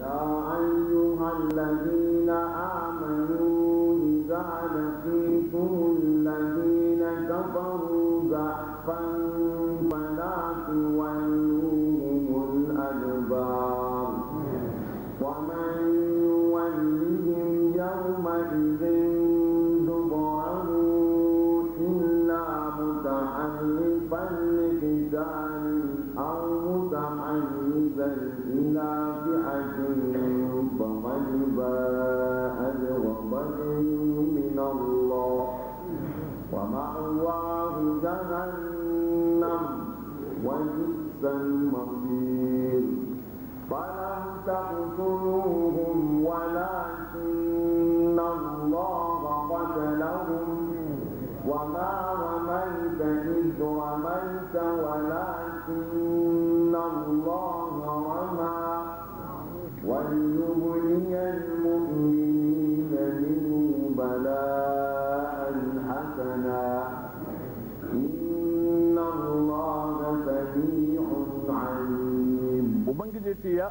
na na da Thank you. جهنم وبئس المصير فلم تقتلوهم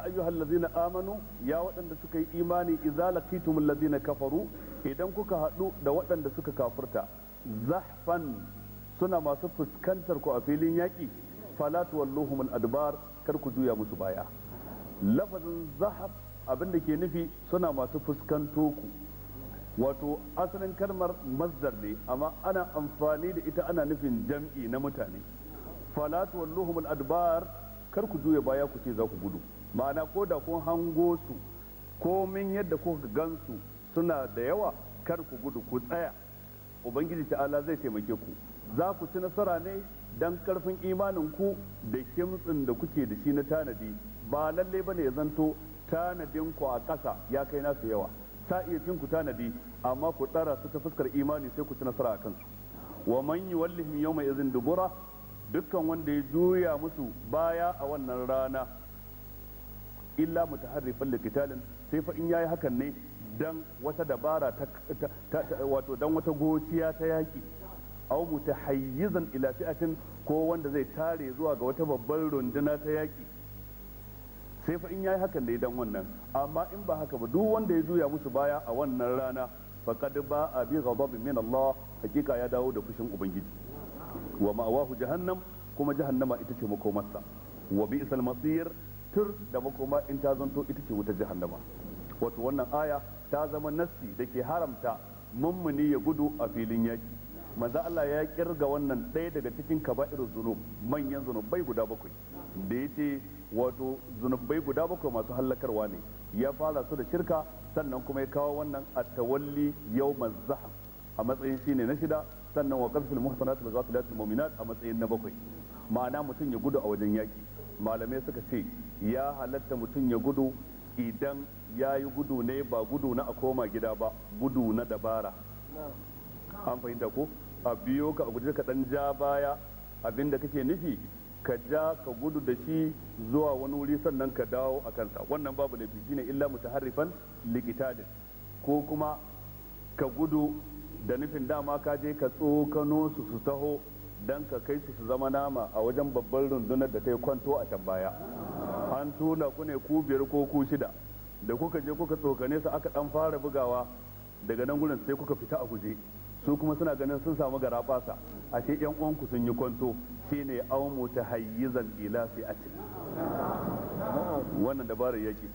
ya ayyuhal ladzina amanu ya waɗanda suka yi imani idza kafaru idan kuka haɗu da waɗanda suka kafurta zahfan suna masu fuskantar a filin yaki fala tuwalluhum kar ku juya musu baya lafazin zahaf abinda ke nufi suna masu fuskanto ku wato asalin kalmar masdar ne amma ana amfani da ita ana nufin jam'i na mutane fala tuwalluhum adbar kar ku juya baya ku ce za ku gudu ma'ana ko da kun hango su komin yadda kuka gansu suna da yawa kar ku gudu ku tsaya ubangiji ta'ala zai taimake ku za ku ci nasara ne don karfin imanin ku da kimtsin da kuke da shi na tanadi ba lalle bane ya zanto tanadin ku a ƙasa ya kai nasu yawa ta iya cin ku tanadi amma ku tsara su ta fuskar imani sai ku ci nasara a kansu wa man yau mai izin dubura dukkan wanda ya juya musu baya a wannan rana illa mutaharrifan liqitalin sai fa in yayi hakan ne dan wata dabara ta wato dan wata gociya ta yaki aw mutahayyizan ila fi'atin ko wanda zai tare zuwa ga wata babbar runduna ta yaki sai fa in yayi hakan ne dan wannan amma in ba haka ba duk wanda ya zuya musu baya a wannan rana faqad ba'a bi ghadabin min Allah hakika ya dawo da fushin ubangiji wa ma'awahu jahannam kuma jahannama ita ce makomarsa wa bi'sal masir tur da makoma in ta zanto ita ce wuta jahannama wato wannan aya ta zama nassi da ke haramta mummuni ya gudu a filin yaki manzo Allah ya kirga wannan ɗaya daga cikin kaba'ir zunub manyan zunubai guda bakwai da yace wato zunubai guda bakwai masu hallakarwa ne ya fara su da shirka sannan kuma ya kawo wannan at-tawalli yawmaz zahab a matsayin shine na shida sannan wa za su ghafilatil mu'minat a matsayin na bakwai ma'ana mutum ya gudu a wajen yaki malamai suka ce ya halatta mutum ya gudu idan ya yi gudu ne ba gudu na a koma gida ba gudu na dabara an fahimta ko a biyo ka a guje ka dan ja baya abinda kake nufi ka ja ka gudu da shi zuwa wani wuri sannan ka dawo a kansa wannan babu laifi ne illa mutaharrifan likitalin ko kuma ka gudu da nufin dama ka je ka tsokano su su taho don ka kai su su zama nama a wajen babban rundunar da ta yi kwanto a can baya an tuna ku ne ku biyar ko ku shida da kuka je kuka tsokane su aka dan fara bugawa daga nan gurin sai kuka fita a guje su kuma suna ganin sun samu gara fasa ashe yan uwanku sun yi kwanto shine aumu ta hayyizan ila fi cikin wannan dabarar yaki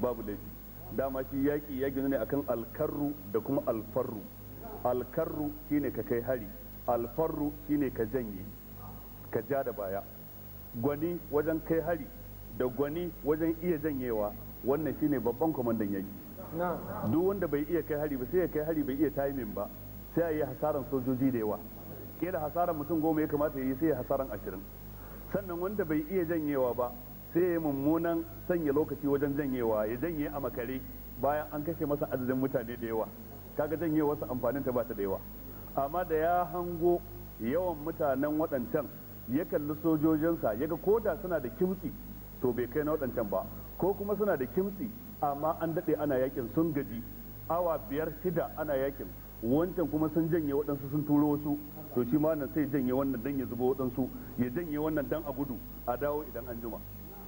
babu laifi dama shi yaki ya gina ne akan alkarru da kuma alfarru alkarru shine ka kai hari alfarru shine ka janye ka ja da baya gwani wajen kai hari da gwani wajen iya janyewa wannan shine babban kwamandan yaki duk wanda bai iya kai hari ba sai ya kai hari bai iya timing ba sai a yi hasaran sojoji da yawa kila hasaran mutum goma ya kamata ya yi sai ya hasaran ashirin sannan wanda bai iya janyewa ba sai ya mummunan sanya lokaci wajen janyewa ya janye a makare bayan an kashe masa adadin mutane da yawa kaga janyewa wasu amfanin ta ba ta da yawa amma da ya hango yawan mutanen waɗancan ya kalli sojojinsa ya ga koda suna da kimtsi to bai kai na waɗancan ba ko kuma suna da kimtsi amma an daɗe ana yakin sun gaji awa biyar shida ana yakin wancan kuma sun janye waɗansu sun turo wasu to shi ma nan sai janye wannan dan ya zuba waɗansu ya janye wannan dan a gudu a dawo idan an jima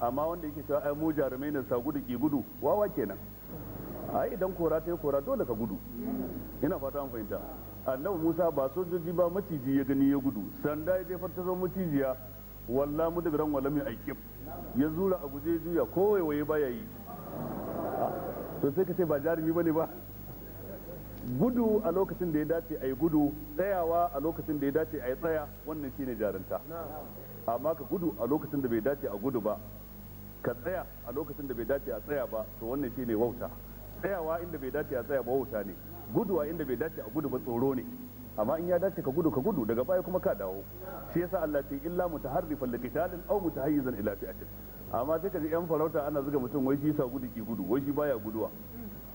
amma wanda yake cewa ai mu jarumai ne sa gudu ki gudu wawa kenan ai idan kora ta yi kora dole ka gudu ina fata an fahimta annabi musa ba sojoji ba maciji ya gani ya gudu sanda ya jefar ta zama macijiya walla mu da ran wala mai aiki. ya zura a guje juya kowai waye baya yi to sai ka ce ba jarumi ne ba gudu a lokacin da ya dace a yi gudu tsayawa a lokacin da ya dace a yi tsaya wannan shine jarinta amma ka gudu a lokacin da bai dace a gudu ba ka tsaya a lokacin da bai dace a tsaya ba to wannan shine wauta tsayawa inda bai dace a tsaya ba wauta ne guduwa inda bai dace a gudu ba tsoro ne amma in ya dace ka gudu ka gudu daga baya kuma ka dawo shi yasa Allah ce illa mutaharrifan liqitalin aw mutahayyizan ila fi'atin amma sai ka ji yan farauta ana zuga mutum wai shi yasa gudu ki gudu wai shi baya guduwa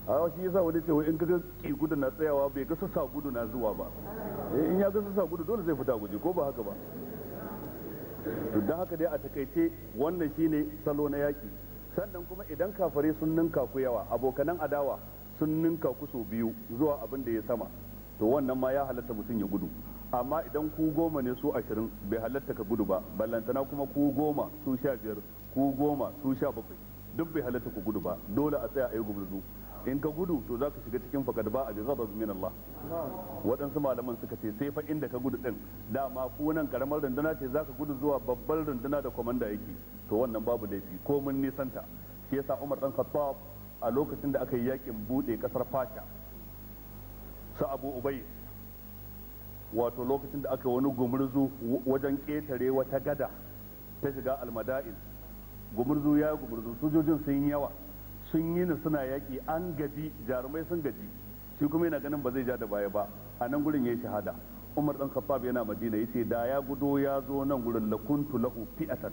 a shi yasa wani ce wai in ka ga ki gudu na tsayawa bai ga sassa gudu na zuwa ba eh, in ya ga sassa gudu dole zai fita guje ko ba haka ba to dan haka dai a takaice wannan shine salo na yaki sannan kuma idan kafare sun ninka ku yawa abokanan adawa sun ninka ku biyu zuwa abin da ya sama to wannan ma ya halatta mutum ya gudu amma idan ku goma ne su ashirin bai halatta ka gudu ba ballantana kuma ku goma su sha biyar ku goma su sha bakwai duk bai halatta ku gudu ba dole a tsaya a yi gumurzu in ka gudu to za ka shiga cikin fakad ba a bi min Allah waɗansu malaman suka ce sai fa inda ka gudu ɗin dama ku nan karamar runduna ce za ka gudu zuwa babbar runduna da kwamanda yake to wannan babu laifi ko mun nisanta shi yasa Umar dan Khattab a lokacin da aka yi yakin bude ƙasar fasha su abu ubai wato lokacin da aka wani gumurzu wajen ƙetare wata gada ta shiga almada'in gumurzu ya yi gumurzu sojojin sun yi yawa sun yi ni suna yaƙi an gaji jarumai sun gaji shi kuma yana ganin ba zai ja da baya ba a nan gurin ya yi shahada umar dan khattab yana madina ya ce da ya gudo ya zo nan gurin lakuntu lahu fi'atan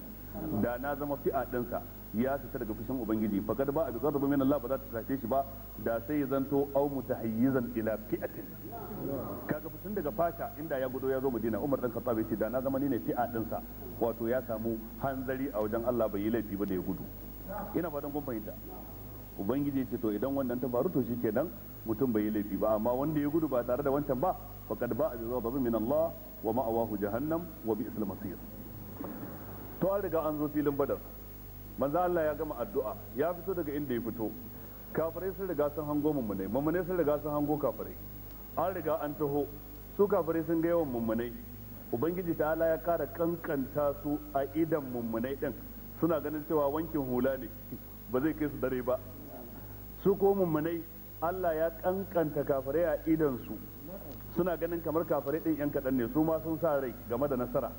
da na zama fi'a ɗinsa ya fita daga fushin ubangiji kada ba a bikar rubu min Allah ba za ta shafe shi ba da sai ya zanto au mutahayyizan ila fi'atin kaga fitin daga fasha inda ya gudo ya zo Madina Umar dan Khattab ce da na zama ni ne fi'a din sa wato ya samu hanzari a wajen Allah bai yi laifi ba da ya gudu ina fatan kun fahimta ubangiji ce to idan wannan ta faru to shikenan mutum bai yi laifi ba amma wanda ya gudu ba tare da wancan ba kada ba a bikar min Allah wa ma'awahu jahannam wa bi'sal masir to an riga an zo filin badar manza Allah ya gama addu'a ya fito daga inda ya fito kafirai sun riga sun hango mummunai mummunai sun riga sun hango kafirai an riga an taho su kafirai sun ga yawan mummunai ubangiji ta Allah ya kara kankanta su a idan mummunai din suna ganin cewa wankin hula ne ba zai kai su dare ba su ko mummunai Allah ya kankanta kafirai a idan su suna ganin kamar kafirai din yan kaɗan ne su ma sun sa rai game da nasara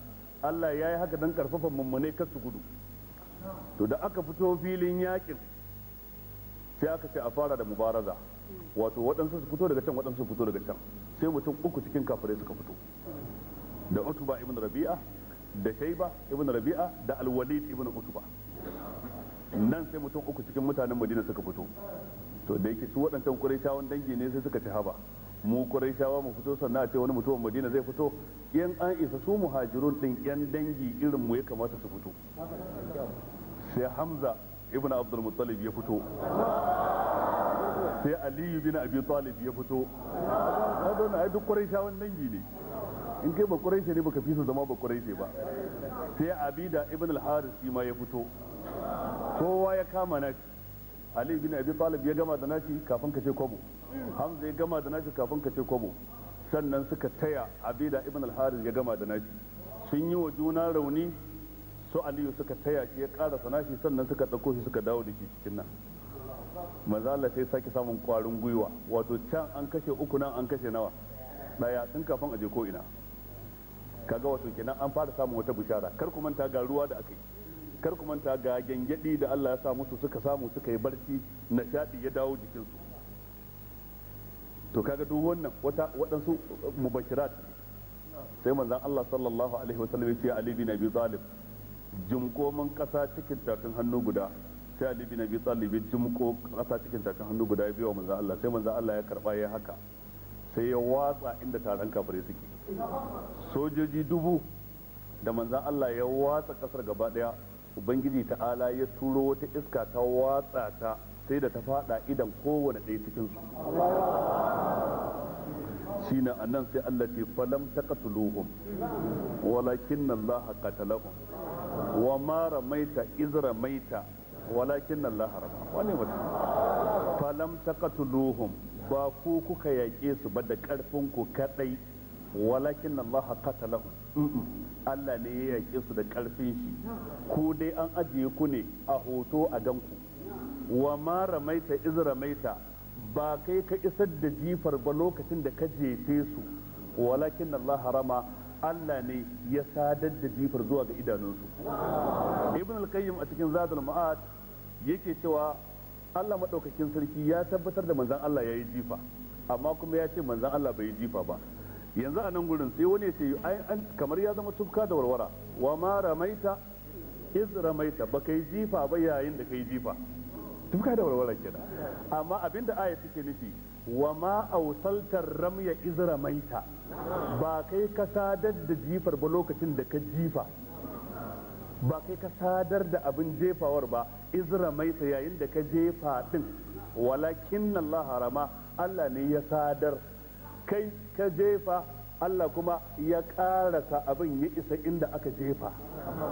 Allah ya yi haka don karfafa mummunai kasu gudu to da aka fito filin yakin sai aka ce a fara da mubaraza wato waɗansu su fito daga can waɗansu su fito daga can sai mutum uku cikin kafirai suka fito da utuba ibn rabi'a da shaiba ibn rabi'a da alwalid ibn utuba nan sai mutum uku cikin mutanen madina suka fito to da yake su waɗancan kuraitawan dangi ne sai suka ci haba mu shawa mu fito sannan a ce wani mutumin madina zai fito yan an isa su muhajirun din yan dangi irin mu ya kamata su fito sai hamza ibn abdul muttalib ya fito sai aliyu bin abi talib ya fito kaga na duk quraishawan dangi ne in kai ba quraishi ne baka fi su zama ba quraishi ba sai abida ibn al-harith ma ya fito kowa ya kama nashi ali bin abi talib ya gama da nashi kafin ka ce kwabo hamza ya gama da nashi kafin ka ce kwabo sannan suka taya abida ibn al-haris ya gama da nashi sun yi wa juna rauni su aliyu suka taya shi ya karasa nashi sannan suka ɗauko shi suka dawo da shi cikin nan mazala sai sake samun kwarin gwiwa wato can an kashe uku nan an kashe nawa daya tun kafin a je ko ina kaga wato kenan an fara samun wata bishara kar ku manta ga ruwa da aka yi kar ku manta ga gyangyaɗi da Allah ya sa musu suka samu suka yi barci nishaɗi ya dawo jikinsu to kaga duk wannan wata waɗansu mubashirat sai manzon Allah sallallahu alaihi wa sallam ya ce Ali bin Abi Talib jumko mun kasa cikin tafin hannu guda sai Ali bin Abi Talib jumko kasa cikin tafin hannu guda ya biyo manzon Allah sai manzon Allah ya karba ya haka sai ya watsa inda taron kafirai suke sojoji dubu da manzon Allah ya watsa kasar gaba daya ubangiji ta'ala ya turo wata iska ta watsa ta sai da ta fada idan kowane ɗaya cikin su shine anan sai Allah ce falam taqtuluhum walakin Allah qatalahum wa ma ramaita iz ramaita walakin Allah rama wani wata falam taqtuluhum ba ku kuka yaƙe su ba da ƙarfin ku kadai walakin Allah qatalahu Allah ne ya yake su da ƙarfin shi ku dai an ajiye ku ne a hoto a ganku wa ma ramaita iz ramaita ba kai ka isar da jifar ba lokacin da ka jefe su walakin Allah rama Allah ne ya sadar da jifar zuwa ga idanunsu ibn al-qayyim a cikin zadul ma'ad yake cewa Allah madaukakin sarki ya tabbatar da manzon Allah yayi jifa amma kuma ya ce manzon Allah bai jifa ba yanzu a nan gurin sai wani ya ce kamar ya zama tufka da warwara wa ma ramaita iz ramaita ba kai jifa ba yayin da kai jifa tufka da warwara kenan amma abinda aya take nufi wa ma ausaltar ramya iz ramaita ba kai ka sadar da jifar ba lokacin da ka jifa ba kai ka sadar da abin jefawar ba iz ramaita yayin da ka jefa din walakin Allah harama Allah ne ya sadar kai ka jefa Allah kuma ya karasa abin ya isa inda aka jefa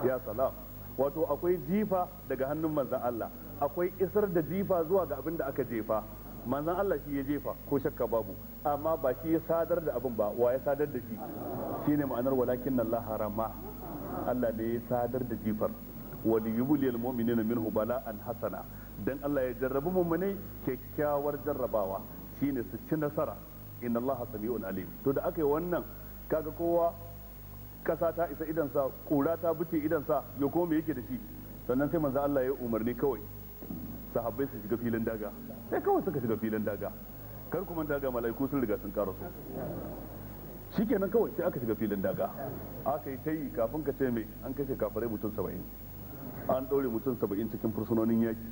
ya salam wato akwai jifa daga hannun manzan Allah akwai isar da jifa zuwa ga abin da aka jefa manzan Allah shi ya jefa ko shakka babu amma ba shi ya sadar da abin ba wa ya sadar da shi ne ma'anar walakin Allah harama Allah ne ya sadar da jifar wani yubuliyar mu'minina minhu bala'an hasana dan Allah ya jarrabi mu'minai kyakkyawar jarrabawa shine su ci nasara inna allaha sami'un alim to da aka yi wannan kaga kowa kasa ta isa idan sa kura ta buce idan sa ya koma yake da shi sannan sai manzo Allah ya umarni kawai sahabbai su shiga filin daga sai kawai suka shiga filin daga kar kuma daga mala'iku sun riga sun karaso shikenan kawai sai aka shiga filin daga aka yi ta yi kafin ka ce mai an kashe kafirai mutum saba'in an ɗaure mutum saba'in cikin fursunonin yaki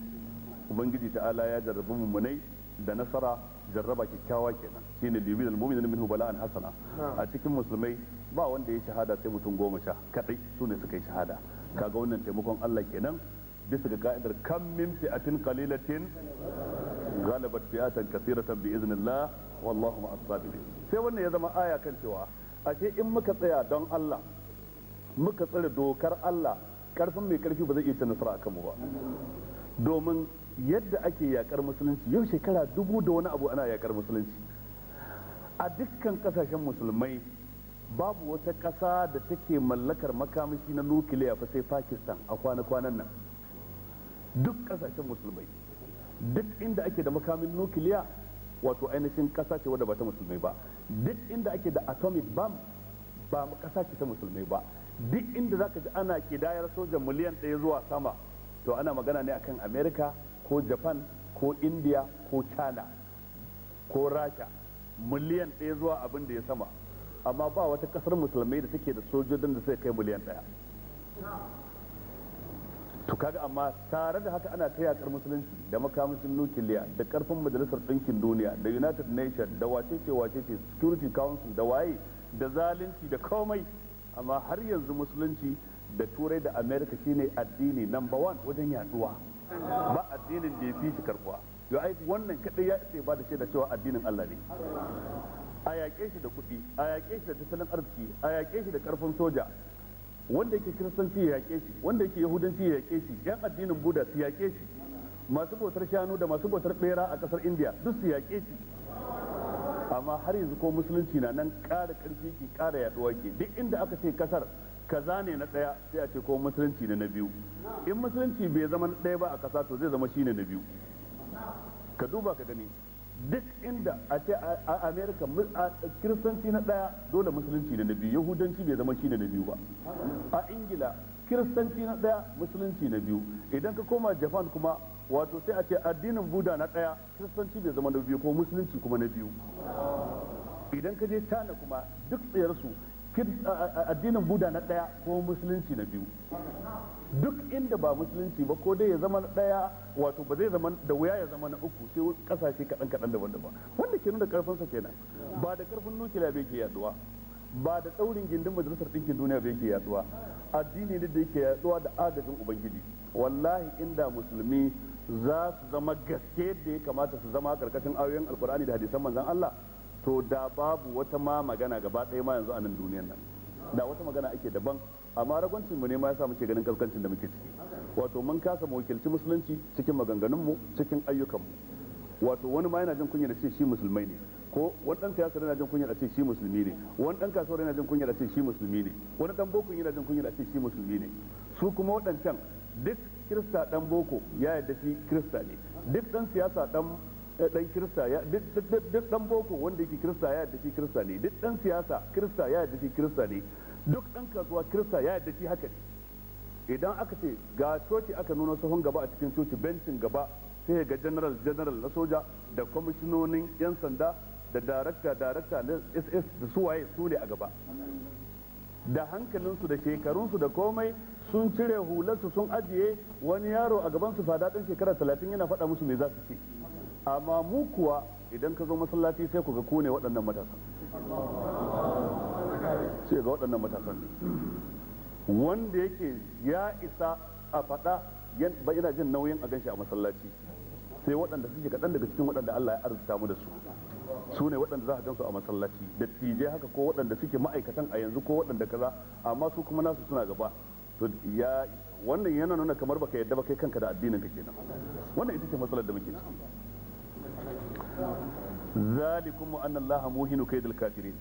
ubangiji ta'ala ya jarrabu mummunai da nasara jarraba kyakkyawa kenan shine liyubil mu'minin minhu bala'an hasana a cikin musulmai ba wanda ya shahada sai mutum goma sha kadai sune suka yi shahada kaga wannan taimakon Allah kenan bisa ga ka'idar kam min fi'atin qalilatin ghalabat fi'atan kathiratan bi iznillah wallahu ma'as sabirin sai wannan ya zama aya kan cewa ashe in muka tsaya don Allah muka tsare dokar Allah karfin mai karfi ba zai iya ta nasara akan mu ba domin yadda ake yakar musulunci yau shekara dubu da wani abu ana yakar musulunci a dukkan kasashen musulmai babu wata ƙasa da take mallakar makamashi na nukiliya fa sai pakistan a kwana-kwanan nan duk ƙasashen musulmai duk inda ake da makamin nukiliya wato ainihin ƙasa ce wadda ba ta musulmai ba duk inda ake da atomic bomb ba ƙasa ce ta musulmai ba duk inda zaka ji ana kidayar sojan miliyan ɗaya zuwa sama to ana magana ne akan america ko japan ko india ko china ko rasha miliyan ɗaya zuwa abin da ya sama amma ba wata ƙasar musulmai da take da sojojin da suka kai miliyan ɗaya to kaga amma tare da haka ana ta yakar musulunci da makamashin nukiliya da karfin majalisar ɗinkin duniya da united nations da wacece wacece security council da waye da zalunci da komai amma har yanzu musulunci da turai da america shine addini number one wajen yaduwa ba addinin da ya fi shi karbuwa yau ai wannan kadai ya isa ba da shaida cewa addinin Allah ne a yaƙe shi da kuɗi a yaƙe shi da tattalin arziki a yaƙe shi da karfin soja wanda yake kiristanci ya yaƙe shi wanda yake yahudanci ya yaƙe shi yan addinin buda su yaƙe shi masu bautar shanu da masu bautar bera a ƙasar indiya duk su yaƙe shi amma har yanzu ko musulunci na nan ƙara ƙarfi ke ƙara yaɗuwa ke duk inda aka ce ƙasar kaza ne na ɗaya sai a ce ko musulunci ne na biyu in musulunci bai zama na ɗaya ba a ƙasa to zai zama shi ne na biyu ka duba ka gani duk inda a ce a amerika kiristanci na ɗaya dole musulunci ne na biyu yahudanci bai zama shi ne na biyu ba a ingila kiristanci na ɗaya musulunci na biyu idan ka koma japan kuma wato sai a ce addinin buda na ɗaya kiristanci bai zama na biyu ko musulunci kuma na biyu idan ka je tana kuma duk tsayarsu addinin buda na ɗaya ko musulunci na biyu duk inda ba musulunci ba ko dai ya zama na ɗaya wato ba zai zama da wuya ya zama na uku sai kasashe kaɗan kaɗan daban daban wanda ke nuna karfinsa kenan ba da karfin nukiliya bai ke yaduwa ba da tsaurin gindin majalisar ɗinkin duniya bai ke yaduwa addini ne da yake yaduwa da agajin ubangiji wallahi inda musulmi za su zama gaske da ya kamata su zama karkashin ayoyin alkur'ani da hadisan manzon Allah to da babu wata ma magana gaba ɗaya ma yanzu a nan duniyar nan da wata magana ake daban amma ragwancin mu ne ma yasa muke ganin kaskancin da muke ciki wato mun kasa mu wakilci musulunci cikin maganganun mu cikin ayyukan mu wato wani ma yana jin kunya da ce shi musulmai ne ko wani dan siyasa yana jin kunya da ce shi musulmi ne wani dan kasuwar yana jin kunya da ce shi musulmi ne wani dan boko yana jin kunya da ce shi musulmi ne su kuma waɗancan duk kirista dan boko ya yarda shi kirista ne duk dan siyasa dan dan kirista ya duk dan boko wanda yake kirista ya yadda shi kirista ne duk dan siyasa kirista ya yadda shi kirista ne duk dan kasuwa kirista ya yadda shi haka ne idan aka ce ga coci aka nuna sahun gaba a cikin coci bencin gaba sai ga general general na soja da kwamishinonin yan sanda da darakta darakta na ss da suwaye su ne a gaba da hankalinsu da shekarunsu da komai sun cire hularsu sun ajiye wani yaro a gabansu su fada ɗan shekara talatin yana faɗa musu mai za su ce amma mu kuwa idan ka zo masallaci sai ku ga ku ne waɗannan matasan sai ga waɗannan matasan ne wanda yake ya isa a faɗa ba yana jin nauyin a ganshi a masallaci sai waɗanda suke kaɗan daga cikin waɗanda Allah ya arzuta mu da su su ne waɗanda za a gansu a masallaci dattijai haka ko waɗanda suke ma'aikatan a yanzu ko waɗanda kaza amma su kuma nasu suna gaba to ya wannan yana nuna kamar baka yadda ba kai kanka da addinin ka kenan wannan ita ce matsalar da muke ciki zalikum anna allaha muhinu kaydil kafirin